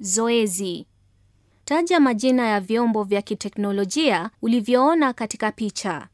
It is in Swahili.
Zoezi: taja majina ya vyombo vya kiteknolojia ulivyoona katika picha.